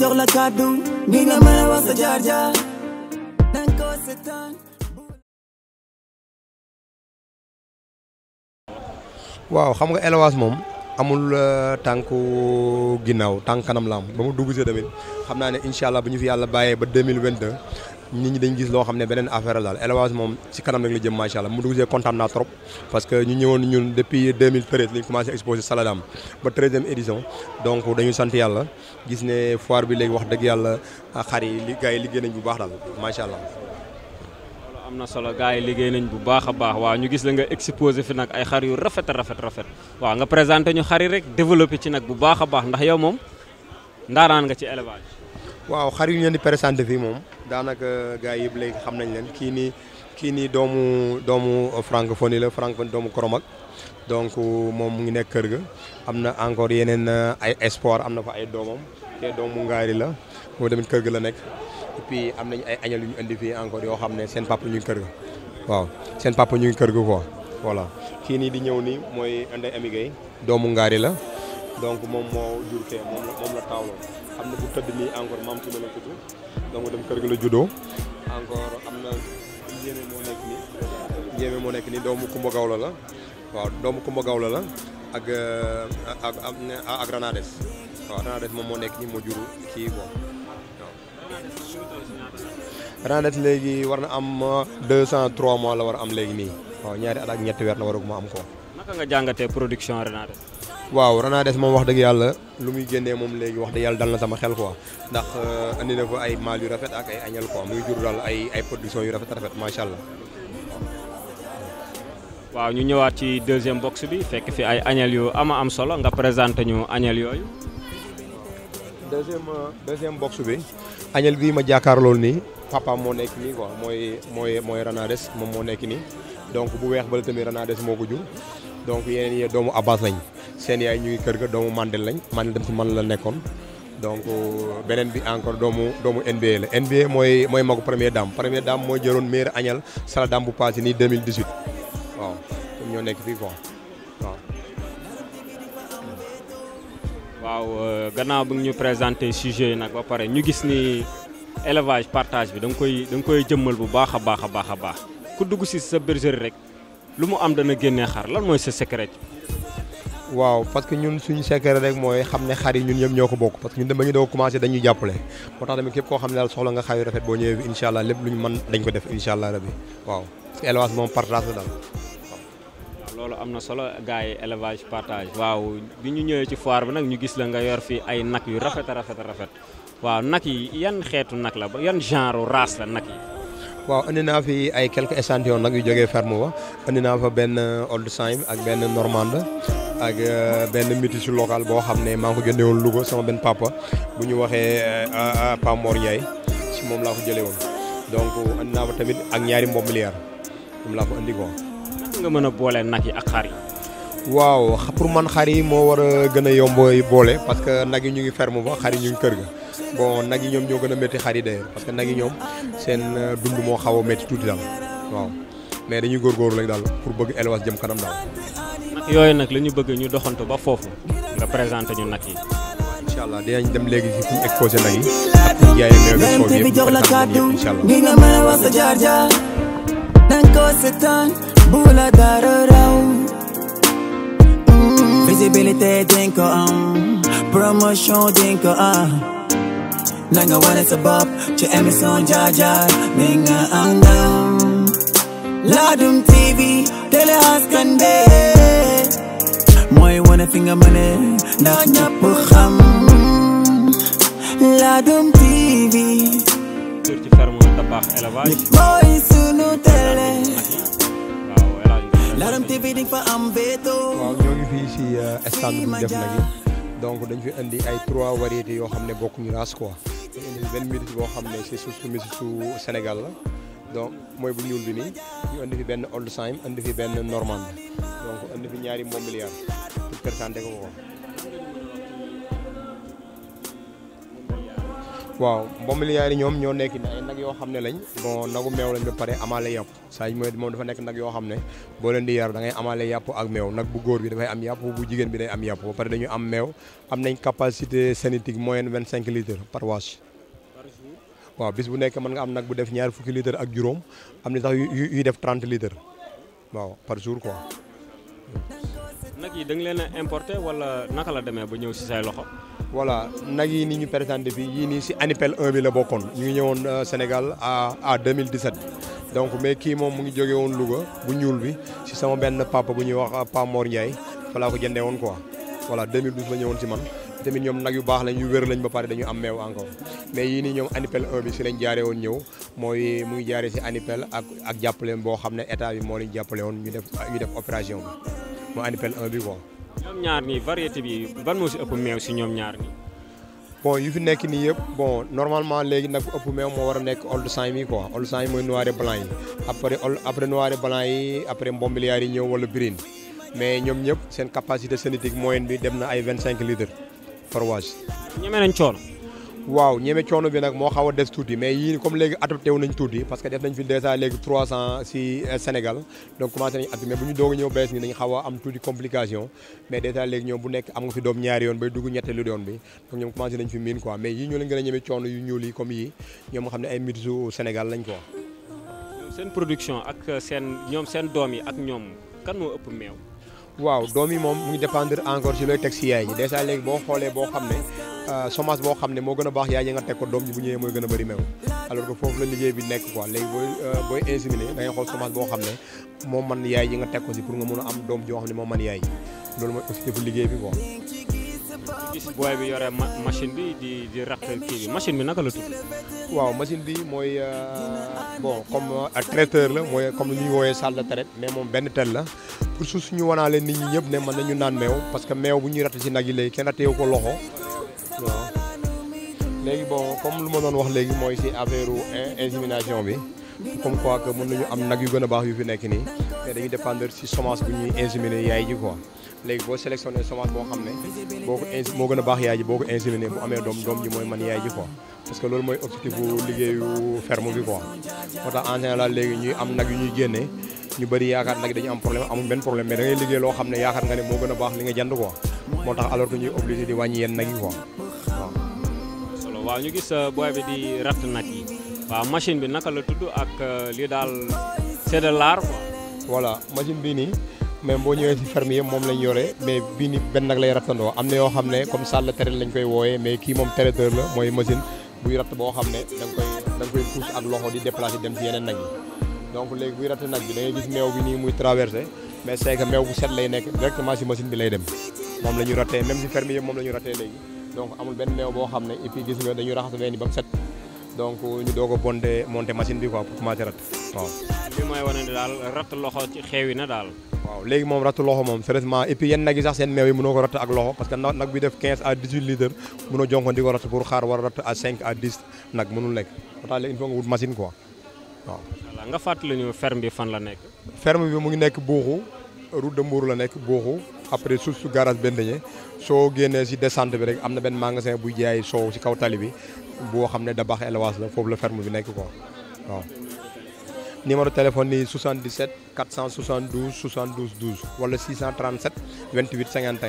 jox la kàddu waaw xam nga élevage moom amul euh, tànku ginnaaw tànk kanam laam am ba mu dugg si xam naa ne incha allah bu ñu fi yàlla bàyyee ba mille vingt 2022 nit ñi dañ gis loo xam ne beneen affaire la daal élevage moom si kanam rek la jëm macha allah mu dugg see kontaan naa trop parce que ñu ñëwoon ñun depuis 2013 lañ commencé exposé Saladam ba 13 édition donc dañu sant yàlla gis ne foire bi léegi wax dëgg yàlla ah, xar yi li gars yi liggéey nañ bu baax daal macha allah. am na solo gaa yi liggéey nañ bu baax a baax waa ñu gis la nga exposé fi nag ay xar yu rafet rafet rafet waa nga présenté ñu xar rek développé ci nag bu baax a baax ndax yow moom ndaanaan nga ci élevage. waaw xar yu ñu leen di présenté fii moom daanaka gars yi yëpp léegi xam nañ leen kii nii kii nii doomu doomu francophonie la francophonie doomu Koromak donc moom mu ngi nekk kër ga am na encore yeneen euh, ay espoir am na fa ay doomam kee doomu ngaari la moom tamit kër ga la nekk et am nañ ay añal yu ñu indi fii encore yoo xam ne seen papa ñu kër ga waaw seen papa ñu kër ga quoi voilà kii nii di ñëw nii mooy Ndeye Amy doomu ngaari la donc moom moo jur kee moom la moom la taawloo xam ne bu tëdd nii encore maam ci la tudd donc dem kër gi la juddoo encore am na njéeme moo nekk nii doomu Kumba Gawla la waaw doomu Kumba Gawla la ak euh, ak ak waaw Renades moom moo nekk nii moo juru kii bon waaw. léegi war na am 203 euh, mois la war a am léegi nii waaw ñaari at ak ñetti weer na la waraguma am ko. naka nga jàngatee production Renades. waaw Renades moom wax dëgg yàlla lu muy génnee moom léegi wax dëgg yàlla dal na sama xel ko ndax euh, andi na fa ay maal yu rafet ak ay añal quoi muy jur daal ay ay production yu rafet rafet macha allah. waaw ñu ñëwaat ci deuxième box bi fekk fi ay añal yu a am solo nga présenté ñu añal yooyu. deuxième euh, deuxième box bi añal bii ma jàkkaarloo nii papa moo nekk nii quoi mooy mooy mooy Renades moom moo nekk nii donc bu weex ba la tamit Renades moo ko jur donc yeneen yi doomu Abbas lañ. seen yaay ñu ngi kër ga doomu Mandel lañ Mandel dem si man la nekkoon donc beneen bi encore doomu doomu NBA la NBA mooy mooy magu première dame première dame mooy jëloon meilleure añal sala dame bu passé nii 2018 waaw ñoom ñoo nekk fii quoi waaw. waaw euh, gannaaw bi ñu présenté sujet yi nag ba pare ñu gis ni élevage partage bi da nga koy da nga koy jëmmal bu baax a baax a baax a baax ku dugg si sa bergerie rek lu mu am dana génnee xar lan mooy sa secret. waaw parce que ñun suñu secret rek mooy xam ne xar yi ñun ñëpp ñoo ko bokk parce que ñun dem ba ñu doo commencé dañuy jàppale moo tax tamit képp koo xam ne daal soxla nga xar yu rafet boo ñëwee bi incha allah lépp lu ñu mën dañ ko def incha allah rabi waaw parce que élevage moom partage la daal loolu am na solo gars yi élevage partage waaw bi ñu ñëwee ci foire bi nag ñu gis la nga yor fii ay nag yu rafet a rafet a rafet waaw nag yi yan xeetu nag la ba yan genre race la nag yi waaw indi naa fi ay quelques échantillons nag yu jógee ferme ba indi naa fa benn old time ak benn normande ak euh, benn métis local boo xam ne maa ngi ko jëndee woon Louga sama benn papa bu ñu waxee euh, euh, Pa Mor Ndiaye si moom laa ko jëlee woon donc andi naa ko tamit ak ñaari mboom liyaar moom laa ko andi ko. nga mën a boole nag yi ak xar waaw pour man xar yi moo war a gën a yomb boole parce que nag yi ñu ngi ferme ba xar yi ñu ngi kër gi bon nag yi ñoom joo gën a métti xar yi parce que nag yi ñoom seen dund moo xaw a métti tuuti daal waaw mais dañuy góorgóorlu rek daal pour bëgg élevage jëm kanam daal. yooyu nag la ñu bëgg ñu doxantu ba foofu nga présenté ñu nag yi. incha dem léegi ci suñu exposé nag yi ak suñu nga mën a wax sa jaar jaar danga ko seetaan bu la dara raw. Mm-hmm. visibilité dinga am promotion dinga am. na nga wane sa ci émission jaar jaar mi nga am ndam. Ladoum TV télé askan bi mane fi si stade bu def nag donc dañ fi indi ay trois variétés yoo xam ne bokkuñu race quoi dañ indi benn minute boo xam ne si su mi su Sénégal la donc mooy bu ñuul bi nii ñu indi fi benn old indi fi benn normand donc indi fi ñaari mobilier kër Sante ko ko waaw mbombiliyaar yi ñoom ñoo nekk nag yoo xam ne lañ bon nagu meew lañ ba pare amaale yàpp saa yi mooy moom dafa nekk nag yoo xam ne boo leen di yar dangay amaale yàpp ak meew nag bu góor bi dafay am yàpp bu jigéen bi day am yàpp ba pare dañu am meew am nañ capacité sanitique moyenne vingt cinq litres par waas waaw bis bu nekkee mën nga am nag bu def ñaar fukki litres ak juróom am na sax yu def trente litres waaw par jour quoi nag yi da nga leen a importé wala naka la demee ba ñëw si say loxo. voilà nag yi ni ñu présenté fii yii nii si ANIPEL 1 bi bokkoon ñu ngi ñëwoon euh, Sénégal à à 2017 donc mais kii moom mu ngi jóge woon Louga bu ñuul bi si sama benn papa bu ñuy wax euh, Pa Mor Ndiaye ko jëndee woon quoi voilà 2012 la ñëwoon si man tamit ñoom nag yu baax lañ yu wér lañ ba pare dañu am meew encore mais yii nii ñoom ANIPEL 1 bi lañ jaaree woon ñëw mooy mu ngi jaaree si ANIPEL ak ak jàppale boo xam ne état bi moo leen jàppale woon ñu def ñu def opération bi. mu andi pel 1 bi quoi. ñoom ñaar nii variété bi ban moo si ëpp meew si ñoom ñaar nii. bon yu fi nekk nii yëpp bon normalement léegi nag bu ëpp meew moo war a nekk old sang mi quoi old sang yi mooy noir et blanc yi après après noir et blanc yi après mbombiliyaar yi ñëw wala green mais ñoom ñëpp seen capacité génétique moyenne bi dem na ay 25 litres par vache. ñeme nañ coono. waaw ñeme coono bi nag moo xaw a des tuuti mais yii comme léegi adopté wu nañ tuuti parce que def nañ fi déjà léegi 300 si euh, Sénégal donc commencé nañ at mais bu ñu doog a ñëw xaw a am tuuti complication mais déjà léegi ñoom nekk am nga fi doom ñaari yoon bay dugg ñetteelu doon bi donc ñoom commencé nañ fi miin quoi mais yii ñoo leen gën a ñeme coono yu ñuul yi comme yii ñoom nga xam ne ay mitsu Sénégal lañ quoi. seen production ak seen ñoom seen doom yi ak ñoom kan moo ëpp meew. waaw doom yi moom mu ngi dépendre encore si looy teg si yaay ji déjà léegi boo xoolee boo xam semence euh, boo xam ne moo gën a baax yaay ya nga teg ko doom ji bu ñëwee mooy gën a bëri meew alors que foofu la liggéey bi nekk quoi léegi booy euh, booy inséminer da xool semence boo xam ne moom man yaay yi nga teg ko si pour nga mun a am joo xam moo man yaay loolu mooy liggéey bi quoi. gis booy bi yore machine bi di di raq kii bi machine bi naka la tudd. waaw machine bi mooy euh, bon comme traiteur la mooy comme li ñuy woowee salle de traite mais moom benn tel la pour suuf suñu wanaale nit ñi ñëpp ne mën nañu naan meew parce que meew bu ñuy ratt si nag yi léegi kenn ratteewu ko loxo. waaw léegi bon comme lu ma doon wax léegi mooy si affaire insémination bi comme quoi que mën nañu am nag yu a baax yu fi nekk nii te dañuy dépendre si semence bu ñuy inséminer yaay ji quoi léegi boo sélectionné semence xam ne boo ko in a baax yaay boo ko inséminer bu amee doom doom ji man yaay ji quoi parce que loolu mooy tax en général léegi ñu bëri yaakaar nag dañu am problème amul benn problème mais da liggéey loo xam ne yaakaar nga ne moo gën a baax li nga jënd quoi moo tax alors que ñuy obligé di wàññi yenn nag yi quoi waaw ñu gis euh, booy bi di ratt nag yi waaw machine bi naka la tudd ak euh, lii daal c'est de l'art quoi. voilà machine bii nii même boo ñëwee si ferme yëpp moom lañ yore mais bii nii benn nag am na yoo xam ne comme sàll traite lañ koy wooyee mais kii moom traiteur la mooy machine buy ratt boo xam ne da koy da nga loxo di déplacer dem yeneen nag yi donc léegi buy ratt nag bi da ngay gis meew bi nii muy traversé mais c'est que meew lay nekk directement si machine bi lay dem moom la ñuy rattee même yëpp la ñuy rattee léegi. donc amul benn meew boo xam ne et puis gis nga dañuy raxas ween yi ba mu set donc ñu doog a bondé monté machine bi quoi pour commencer rat waaw. li mooy wane daal ratt loxo ci xeewi na daal. waaw léegi moom ratt loxo moom sérieusement et puis yenn nag yi sax seen meew yi mënoo ko ratt ak loxo parce que nag bi def 15 à 18 litres mënoo jonkoon di ko ratt pour xaar war a ratt à 5 à 10 nag mënul nekk ba tax léegi il faut nga wut machine quoi bi fan la nekk. ferme bi mu ngi nekk Buuxu route de la nekk Buuxu. après suuf su garage benn dañee soo génnee si descente bi rek am na benn magasin buy jaay soow ci kaw tali bi boo xam ne da baax élevage la foofu la ferme bi nekk ko waaw. numéro téléphone yi 77 472 72 12 wala 637 28 51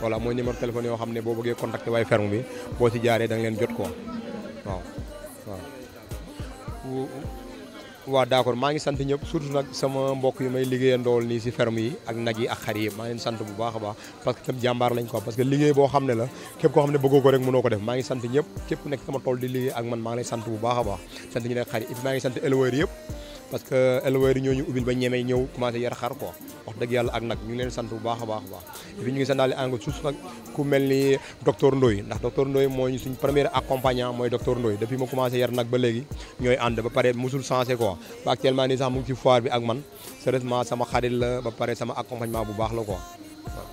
voilà mooy numéro téléphone yoo xam ne boo bëggee contacter waaye ferme bi boo ci jaaree da nga leen jot quoi waaw waaw. waaw d'accord maa ngi sant ñëpp surtout nag sama mbokk yi may liggéeyandool nii si ferme yi ak nag yi ak xar yi maa ngi sant bu baax a baax parce que tam jàmbaar lañ ko parce que liggéey boo xam ne la képp koo xam ne bëggoo ko rek mënoo ko def maa ngi sant ñëpp képp ku nekk sama tool di liggéey ak man maa ngi lay sant bu baax a baax sant ñu nekk xar maa ngi sant éleveurs yëpp parce que éleveurs yi ñooñu ubbil ba ñemee ñëw commencé yar xar quoi wax dëgg yàlla ak nag ñu leen sant bu baax a baax a baax et puis ñu ngi santaale encore suuf nag ku mel ni docteur Ndoye ndax docteur Ndoye mooy suñ premier accompagnant mooy docteur Ndoye depuis ma commencé yar nag ba léegi ñooy ànd ba pare musul changé quoi ba actuellement nii sax mu ngi ci foire bi ak man sérieusement sama xarit la ba pare sama accompagnement bu baax la ko waaw.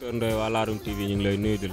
docteur waa ñu ngi lay nuyu di